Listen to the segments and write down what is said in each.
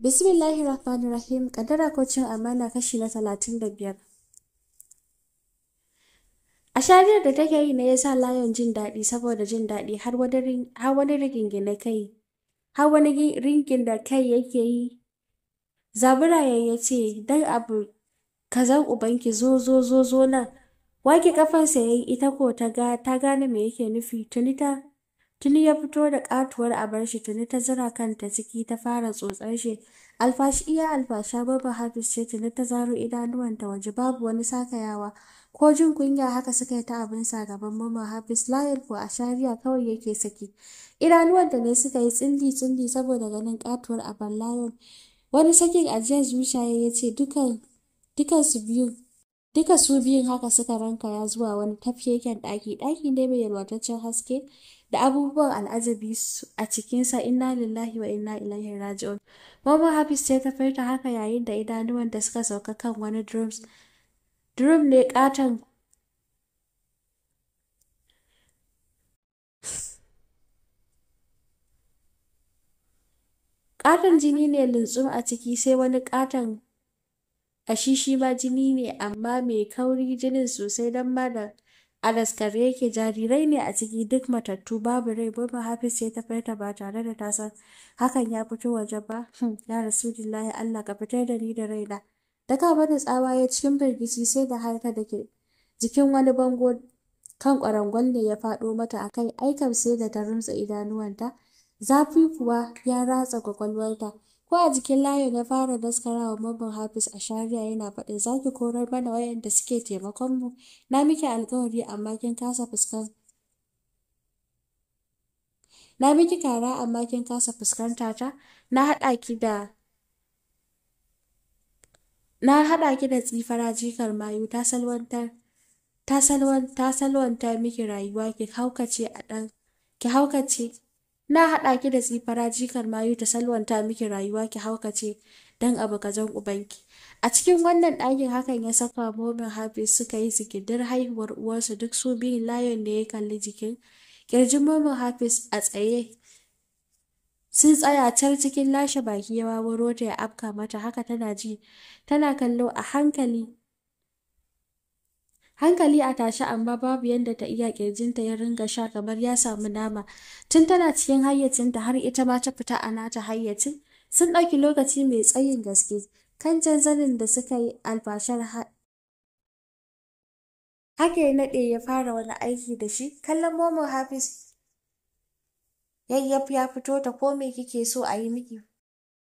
Bismillahir Rahmanir Rahim kadara ko cin amana kashi na talatin da biyar. A shariyar da take yi ne ya sa layon jin daɗi saboda jin daɗi har wani rigingin da kai har wani ringin da kai yake yi Zabura ya ce dan abu kazan ubanki zo zo zo zo na wake ya yayi ita ko ta gane me yake nufi tunita Tuni ya fito da katuwar shi tuni ta zira kanta ciki ta fara tsotsar shi. Alfashi iya alfasha babu Hafiz ce tuni ta zaro idanuwanta waje babu wani sakayawa. Ko jin kunya haka suka yi ta abin sa gaban mama Hafiz layin ko a shariya kawai yake saki. Idanuwanta ne suka yi tsindi-tsindi saboda ganin katuwar bar layin. Wani sakin ajiyar zuciya ya ce dukan su biyu Duka su biyun haka suka ranka ya zuwa wani tafkeken ɗaki, ɗaki ne mai yalwataccen haske, da abubuwan al'ajabi a cikinsa inna lillahi wa inna ilaihi raji'un mama hafiz ce ta haka yayin da idanuwan da suka sauka kan wani drums drum ne katon katon jini ne lintsum a ciki sai wani katon a ma jini ne amma mai kauri jinin sosai don ma da a daskare yake jarirai ne a ciki duk matattu babu rai bai hafiz ya tafarta ba tare da ta hakan ya fito waje ba hmm, ya dillahi allah ka fitar da ni da raina da ka bada tsawa ya cikin birgici sai da harka da ke jikin wani bango kan kwarangon ne ya faɗo mata akai aikam sai da ta rumtsa idanuwanta zafi kuwa ya ratsa kwakwalwarta ko a jikin layo na fara wa mabban hafiz a shari'a yana faɗin ki korar mana wayanda suke taimakon mu na miki alkawari amma kin kasa fuskan na miki kara amma kin kasa fuskanta ta na haɗa ki da na haɗa ki da tsifara jikar mayu ta salwantar ta salwan ta miki rayuwa ki haukace a ɗan ki haukace na haɗa ki da tsifara jikar mayu ta salwanta miki rayuwa ki haukace dan abu kazan ubanki a cikin wannan ɗakin hakan ya saka momin hafiz suka yi zikirdar haihuwar uwarsu duk su biyun layon da ya kalli jikin ƙirjin momin hafiz a tsaye sun tsaya can cikin lashe baki ya wawaro ya afka mata haka tana ji tana kallo a hankali hankali a tashi amma babu yadda ta iya ƙirjinta ya ringa sha kamar ya samu nama tun tana cikin hayyacinta har ita ma ta fita a nata hayyacin sun ɗauki lokaci mai tsayin gaske kan jan zanin da suka yi alfashar haka ya naɗe ya fara wani aiki da shi kallon momo hafiz yayyaf ya fito ta ko me kike so a yi miki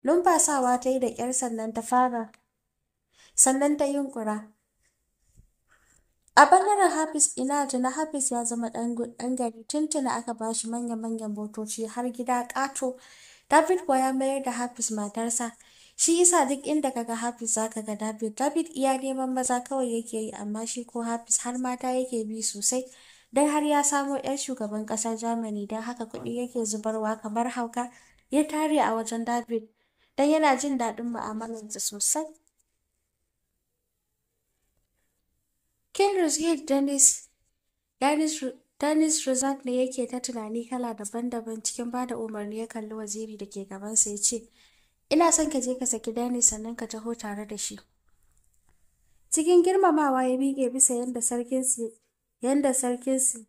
numfasawa ta yi da kyar sannan ta fara sannan ta yunkura A ɓangaren Hafiz Ina Hafiz ya zama ɗan gari tun tuntuni aka ba shi manya-manyan motoci har gida ƙato. David kuwa ya mayar da Hafiz matarsa. Shi isa duk inda ka ga Hafiz zaka ga David. David iya neman maza kawai yake yi amma shi ko Hafiz har mata yake bi sosai. Dan har ya samo 'yan shugaban ƙasar Germany dan haka kuɗi yake zubarwa kamar hauka ya tare a wajen David. Dan yana jin daɗin mu'amalarsa sosai. Kendrick Hill Dennis Dennis ne yake ta tunani kala daban-daban cikin ba da umarni ya kalli waziri da ke gabansa ya ce, Ina son ka je ka saki Dennis sannan ka taho tare da shi. Cikin girmamawa ya bige bisa yadda sarkinsu yadda sarkinsu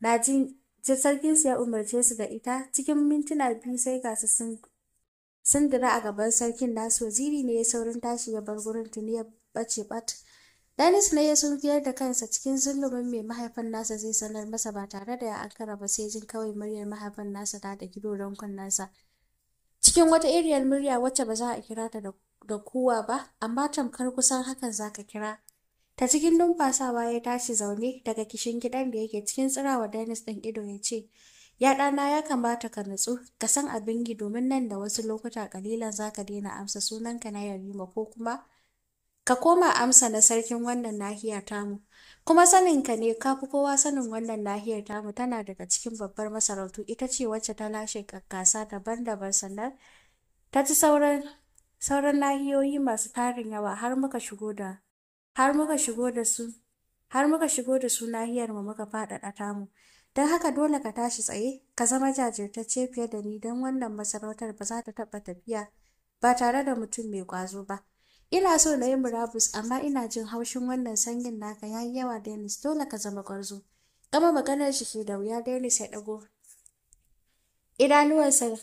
na jin sarkinsu ya umarce su da ita cikin mintuna biyu sai gasu sun sun dira a gaban sarkin nasu waziri ne ya saurin tashi ya bar gurin tuni ya bace bat dennis ne ya sunkiyar da kansa cikin zulumin mai mahaifin nasa zai sanar masa ba tare da ya ankara ba sai jin kawai muryar mahaifin nasa ta da gido don kunnansa. Cikin wata iriyar murya wacce ba za a kira ta da kowa ba, amma tamkar kusan hakan za ka kira. Ta cikin numfasawa ya tashi zaune daga kishin gidan da yake cikin tsirawa Dennis ɗin ido ya ce, Ya ɗana ya kamata ka nutsu, ka san abin yi domin nan da wasu lokuta kalilan za ka daina amsa sunanka na Yarima ko kuma ka koma amsa na sarkin wannan nahiyar tamu kuma saninka ne ka fi kowa sanin wannan nahiyar tamu tana daga cikin babbar masarautu ita ce wacce ta lashe gasa daban-daban sannan ta ci sauran sauran nahiyoyi masu tarin yawa har muka shigo da har su har muka shigo nahiyar mu muka faɗaɗa tamu don haka dole ka tashi tsaye ka zama jajirtacce fiye da ni don wannan masarautar ba za ta taɓa tafiya ba tare da mutum mai ƙwazo ba ina so na yi murabus amma ina jin haushin wannan sanyin naka yayi yawa Dennis dole ka zama gwarzo gama maganar shi ke da wuya Dennis ya ɗago idanuwansa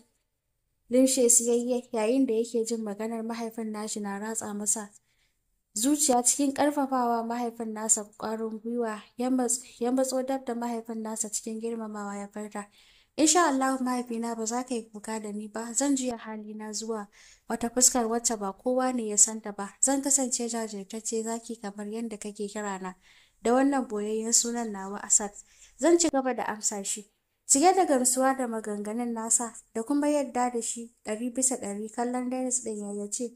limshe siyayye yayin da yake jin maganar mahaifin nashi na ratsa masa zuciya cikin karfafawa mahaifin nasa ƙwarin gwiwa ya matso dab da mahaifin nasa cikin girmamawa ya farta insha Allah mahaifina ba za ka yi kuka da ni ba zan juya halina zuwa wata fuskar wacce ba kowa ne ya santa ba zan kasance jajirtacce zaki kamar yadda kake kira na da wannan boyayyen sunan nawa Asad zan ci gaba da amsa shi cike da gamsuwa da maganganun nasa da kuma yadda da shi ɗari bisa ɗari kallon Dennis ɗin ya ce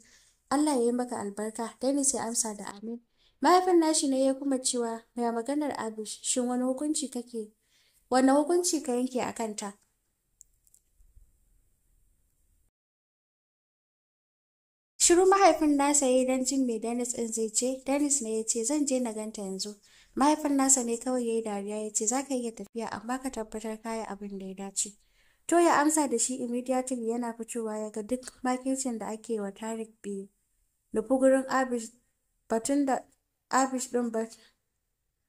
Allah ya yi maka albarka Dennis ya amsa da amin mahaifin nashi ne ya kuma cewa mai maganar Abish shin wani hukunci kake wanne hukunci ka yanke a kanta shiru mahaifin nasa ya yi don jin me dennis ɗin zai ce dennis ne ya ce zan je na ganta yanzu mahaifin nasa ne kawai ya yi dariya ya ce za ka iya tafiya amma ka tabbatar kaya abin da ya dace to ya amsa da shi immediately yana fitowa ya ga duk makircin da ake wa tarik biyu nufi gurin abish batun da abish ɗin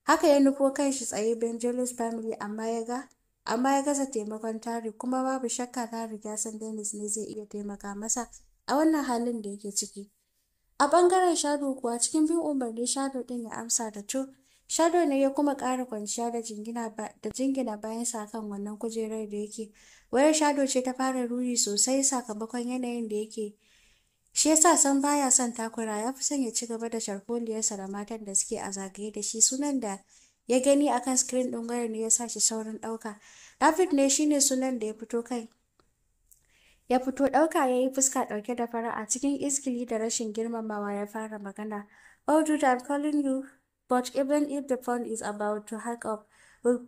haka ya nufo kan shi tsaye ben jealous family amma ya ga amma ya gaza taimakon tari kuma babu shakka ta riga san dennis ne zai iya taimaka masa a wannan halin da yake ciki a bangaren shado kuwa cikin bin umarni shado din ya amsa da to shado ne ya kuma ƙara kwanciya da jingina da jingina bayan sa kan wannan kujerar da yake wayar shado ce ta fara ruri sosai sakamakon yanayin da yake Shi yasa san baya son takura ya fi son ya ci gaba da sharholiyarsa da matan da suke a zagaye da shi sunan da ya gani akan screen din wayar ne ya sa shi saurin ɗauka. David ne shine sunan da ya fito kai. Ya fito ɗauka ya yi fuska ɗauke da fara a cikin iskili da rashin girmamawa ya fara magana. Oh dude, I'm calling you, but even if the phone is about to hang up, will,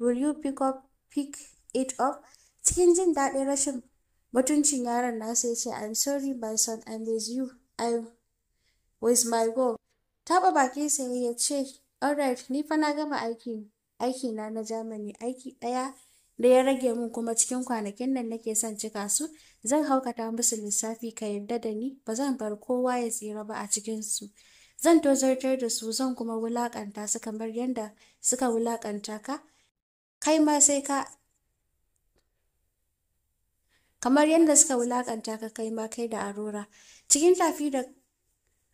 will you pick up, pick it up? Cikin jin daɗin rashin mutuncin yaron nasa ya ce i'm sorry my son i'm with you i'm with my goal taba baki sai ya ce alright ni fa na gama aiki aiki na na germany aiki ɗaya da ya rage mun kuma cikin kwanakin nan nake son cika su zan haukata musu lissafi ka yarda da ni ba zan bar kowa ya tsira ba a cikin su zan tozartar da su zan kuma wulakanta su kamar yadda suka wulakanta ka kai ma sai ka kamar yadda suka wulakanta ka kai ma kai da arora cikin tafi da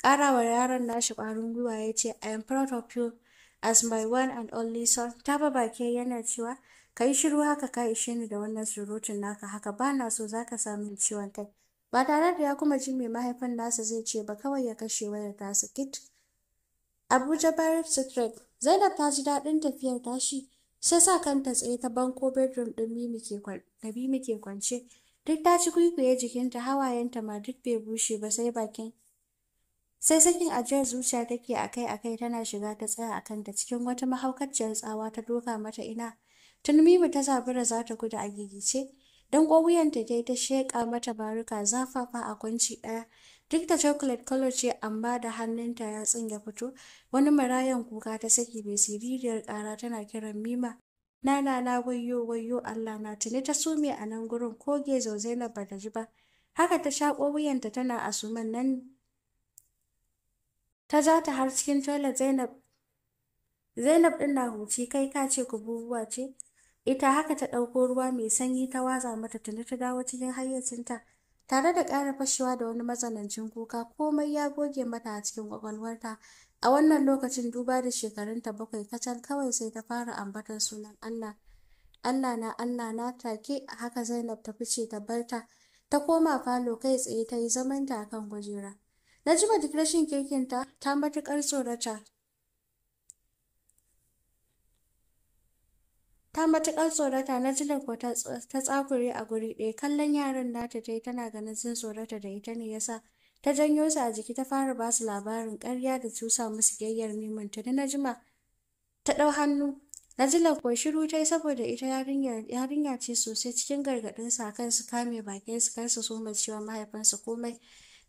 karawa yaron nashi kwarin gwiwa ya ce i am proud of you as my one and only son ta ba baki yana cewa ka yi shiru haka ka ishe ni da wannan surutun naka haka ba na so za ka samu ciwon kai ba tare da ya kuma ji mai mahaifin nasa zai ce ba kawai ya kashe wayar tasa kit abuja barif street zainab ta ji daɗin tafiyar tashi sai sa kanta tsaye ta banko bedroom ɗin mimi ke kwance duk ta ci kwaikwaye jikinta hawayenta ma duk bai bushe ba sai bakin sai sakin ajiyar zuciya take akai akai tana shiga ta tsaya a kanta cikin wata mahaukaciyar tsawa ta doka mata ina tun mimi ta zabura za ta gudu a gigice don ƙwawuyanta dai ta sheƙa mata baruka zafafa a kwanci ɗaya duk da chocolate color ce amma da hannunta ya tsinga fito wani marayan kuka ta saki mai siririyar ƙara tana kiran mima Nana wayyo wayyo Allah na tuni ta sume a nan gurin ko gezo Zainab ba ta ji ba. Haka ta shaƙo wuyanta tana a asuman nan ta ja ta har cikin toilet Zainab. Zainab ɗin na huci kai ka ce ku bubuwa ce. Ita haka ta ɗauko ruwa mai sanyi ta waza mata tuni ta dawo cikin hayyacinta. Tare da ƙara fashewa da wani matsanancin kuka komai ya goge mata a cikin kwakwalwarta. A wannan lokacin duba da shekarunta bakwai kacal kawai sai ta fara ambatar sunan Allah. Allah na Allah na take haka Zainab ta fice ta barta ta koma falo kai tsaye ta yi ta akan gujera. Najma duk rashin kirkinta ta matuƙar tsorata ta matuƙar tsorata na jilin ko ta tsakure a guri ɗaya kallon yaran nata ta yi tana ganin sun tsorata da ita ne yasa ta janyo su a jiki ta fara ba su labarin karya da cusa musu neman mimanta da najima ta ɗau hannu najila ko shiru ta yi saboda ita yarinya ce sosai cikin gargaɗin sa kan su kame bakin su kan su so cewa komai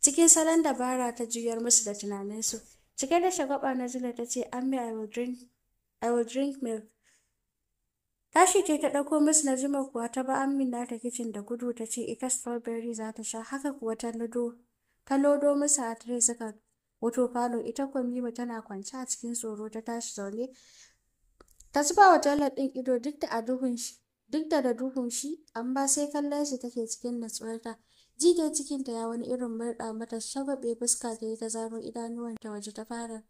cikin salon dabara ta juyar musu da tunaninsu cike da shagwaba najila ta ce ammi i will i will drink milk Tashi ce ta ɗauko na Najima kuwa ta ba Amina ta kicin da gudu ta ce ita strawberry za ta sha haka kuwa ta nudo ta lodo masa a suka wato falo ita kwamima tana kwance a cikin tsoro ta tashi zaune ta zuba wa jallar ɗin ido duk da a duhun shi duk da da amma sai kallon shi take cikin natsuwarta jige cikinta ya wani irin murɗa mata shagwabe fuska ta yi ta zaro idanuwanta waje ta fara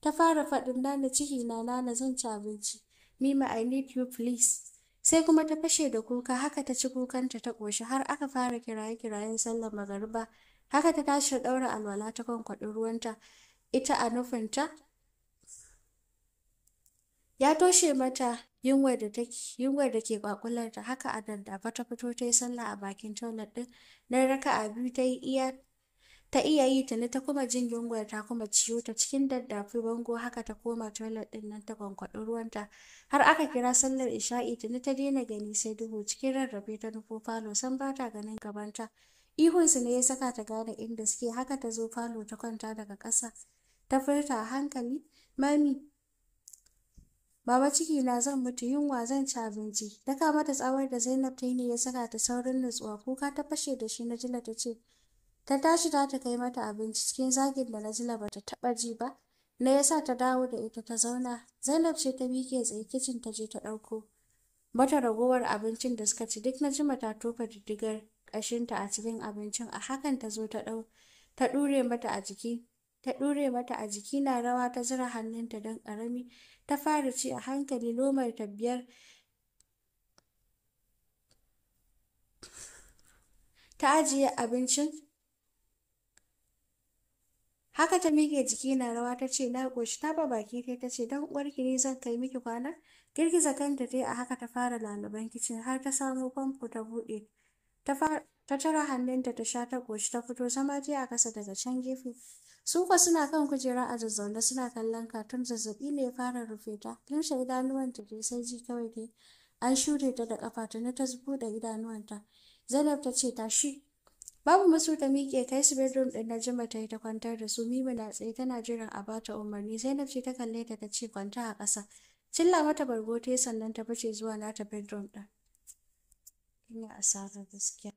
ta fara faɗin nana ciki na nana zan ci abinci mima i need you please sai kuma ta fashe da kuka haka ta ci kukanta ta ƙoshi har aka fara kiraye-kirayen sallar magariba haka ta tashi ta ɗaura alwala ta kwankwaɗi ruwanta ita a nufinta ya toshe mata yunwar da da ke kwakular haka a daddafa ta fito ta yi sallah a bakin toilet din na raka a biyu ta yi iya ta iya yi tuni ta kuma jin yunwar ta kuma ciwo ta cikin daddafi bango haka ta koma toilet din nan ta kwankwaɗi ruwanta har aka kira sallar isha'i tuni ta daina gani sai duhu cikin rarrabe ta nufo falo san ba ta ganin gabanta Ihunsu ne ya saka ta gane inda suke haka ta zo falo ta kwanta daga ƙasa. Ta furta a hankali, Mami, Baba ciki na zan mutu yunwa zan ci abinci. Ta kama ta tsawar da Zainab ta yi ne ya saka ta saurin nutsuwa kuka ta fashe da shi na jila ta ce. Ta tashi ta ta kai mata abinci cikin zagin da na jina bata taɓa ji ba. Na ya sa ta dawo da ita ta zauna. Zainab ce ta miƙe tsaye kicin ta je ta ɗauko. Bata ragowar abincin da suka ci duk na jima ta tofa diddigar ƙashinta a cikin abincin a hakan ta zo ta ɗau ta ɗure mata a jiki ta ɗure mata a jiki na rawa ta zira hannunta don ƙarami ta fara ci a hankali lomar ta biyar ta ajiye abincin haka ta miƙe jiki na rawa ta ce na ƙoshi ta ba baki ta ce don uwarki ne zan kai miki kwana girgiza kanta dai a haka ta fara lalaban kicin har ta samo famfo ta buɗe Ta tara hannunta ta sha ta goshi ta fito zama ta a kasa daga can gefe. Su kwa suna kan kujera a zazzaune suna kallon tun zazzabi ne fara rufe ta. Limshe idanuwanta ta sai ji kawai dai. An shure ta da ƙafa tuni ta buɗe idanuwanta. Zainab ta ce ta shi. Babu masu ta miƙe kai su bedroom ɗin na jima ta yi ta kwantar da su. Mimi na tsaye tana jiran a bata umarni. Zainab ce ta kalle ta ta ce kwanta a ƙasa. Cilla mata bargo ta sannan ta fice zuwa nata bedroom ɗin. an asarar gaskiya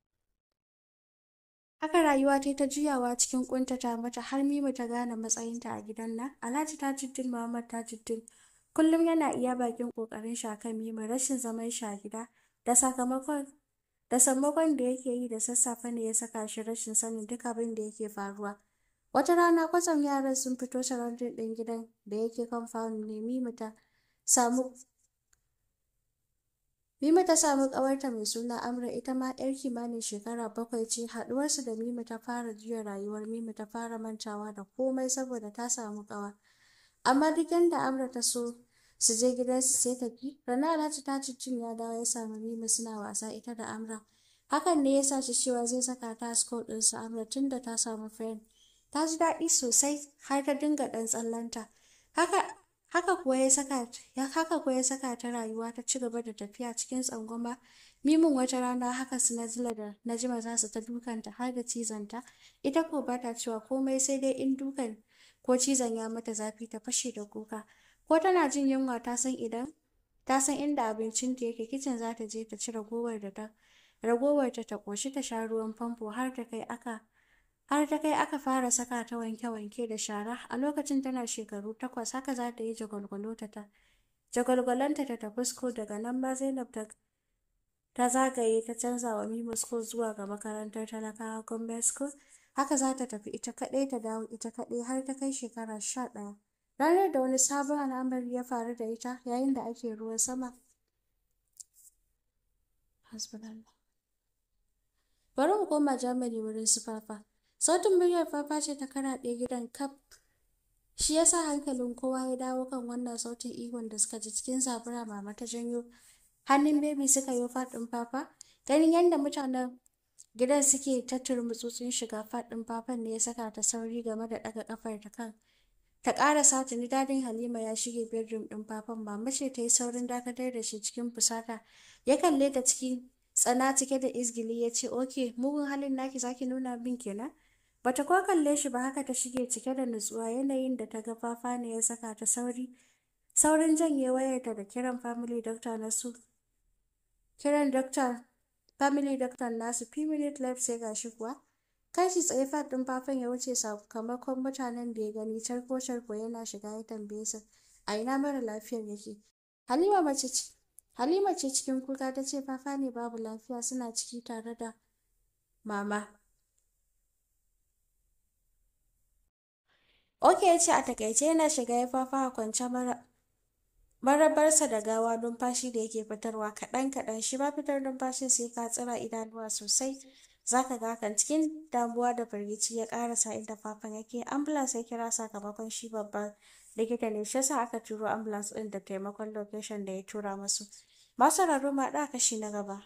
haka rayuwa ta ta juyawa cikin kuntata mata har mimu ta gane matsayinta a gidan nan alhaji ta tajuddin muhammad tajuddin kullum yana iya bakin ƙoƙarin shi kan rashin zaman shi a gida da sakamakon da sammakon da yake yi da sassafe ne ya saka shi rashin sanin duk abin da yake faruwa wata rana kwatsam yaran sun fito sararin ɗin gidan da yake kan ne mima ta samu Mima ta samu ƙawarta mai suna Amra ita ma 'yar kimanin shekara bakwai ce haɗuwarsu da Mima ta fara juya rayuwar Mima ta fara mantawa da komai saboda ta samu ƙawa. Amma duk yadda Amra ta so su je gidansu sai ta ki, Rana Alhaji ta cin ya dawo ya samu Mima suna wasa ita da Amra. Hakan ne ya sa shi cewa zai saka ta asko ɗinsu Amra tun da ta samu friend. Ta ji daɗi sosai har ta dinga ɗan tsallanta. Haka Haka kuwa ya saka ya haka kuwa ya saka ta rayuwa ta ci gaba da tafiya cikin tsangwama. Mimin wata rana haka su Sinazila da Najima za su ta dukanta har da cizanta. Ita ko ba ta cewa komai sai dai in dukan ko cizon ya mata zafi ta fashe da kuka. Ko tana jin yunwa ta san idan ta san inda ta yake kicin za ta je ta ci ragowar da ta ragowar ta ta koshi ta sha ruwan famfo har ta kai aka har ta kai aka fara saka ta wanke-wanke da shara a lokacin tana shekaru takwas haka za ta yi jagwalgwalonta ta jagwalgwalonta ta tafi daga nan ma zainab ta ta zagaye ta canza wa mimo school zuwa ga makarantar talakawa gombe school haka za ta tafi ita kaɗai ta dawo ita kaɗai har ta kai shekara sha ɗaya ranar da wani sabon al'amari ya faru da ita yayin da ake ruwan sama bari mu koma germany wurin su Sautin muryar fafa ce ta ɗaya gidan kaf. Shi ya sa hankalin kowa ya dawo kan wannan sautin ihun da suka ji cikin zabura mama ta janyo. Hannun bebi suka yi faɗin fafa. Ganin yadda mutanen gidan suke ta turmutsutsun shiga faɗin fafan ne ya saka ta sauri game da ɗaga ƙafar ta kan. Ta ƙara ni dadin Halima ya shige bedroom ɗin fafan mama ce ta yi saurin dakatar da shi cikin fusata. Ya kalle ta cikin tsana cike da izgili ya ce, "Oke, mugun halin naki zaki nuna min kenan?" Bata kuwa kalle shi ba haka ta shige cike da nutsuwa yanayin da ta ga fafa ne ya saka ta sauri. Saurin janye wayarta da kiran family doctor na su. Kiran doctor family doctor nasu few minute left sai shi kuwa. Kashi tsaye fat din fafan ya wuce sakamakon mutanen da ya gani charko charko yana shiga ya tambaye su a ina mara lafiyar yake. Halima mace ce Halima ce cikin kuka ta ce fafa ne babu lafiya suna ciki tare da mama. Oke ya ce a takaice yana shiga ya fafa a kwance marabarsa da gawa numfashi da yake fitarwa kaɗan-kaɗan shi ma fitar numfashin sai ka tsira idanuwa sosai za ka ga hakan cikin damuwa da firgici ya karasa inda fafan yake ambulans ya kira sakamakon shi babban likita ne shi yasa aka turo ambulans ɗin da taimakon location da ya tura musu masu raro ma ɗa kashi na gaba.